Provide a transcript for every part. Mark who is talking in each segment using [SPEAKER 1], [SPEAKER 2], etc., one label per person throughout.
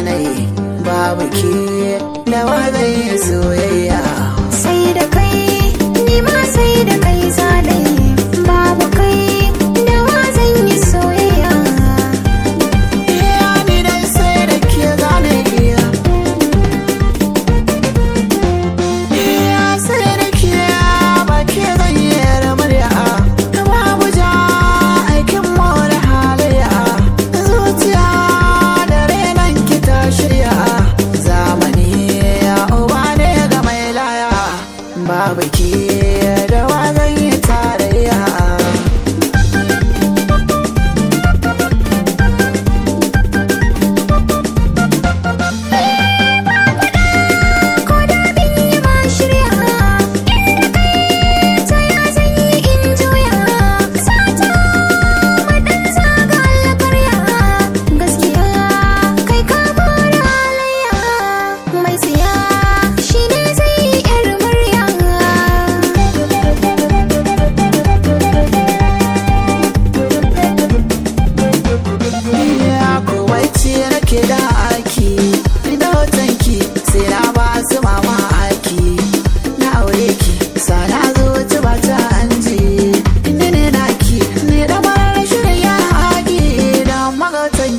[SPEAKER 1] nai babu ke nawa zai soyayya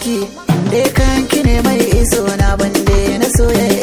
[SPEAKER 2] kanki inda kanki ne mai iso na bande na soyayya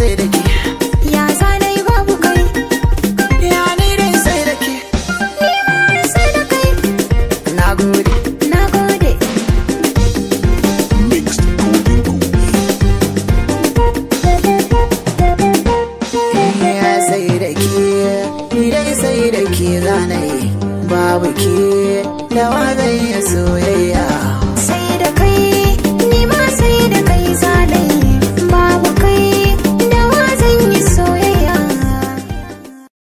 [SPEAKER 1] sai da ke ya zane yi babu kai
[SPEAKER 3] ya ni dai sai da ke ni ma sai da kai na gode na gode
[SPEAKER 2] ya
[SPEAKER 1] sai da ke ni dai sai da ke zane babu ke
[SPEAKER 3] da wa zai soyayya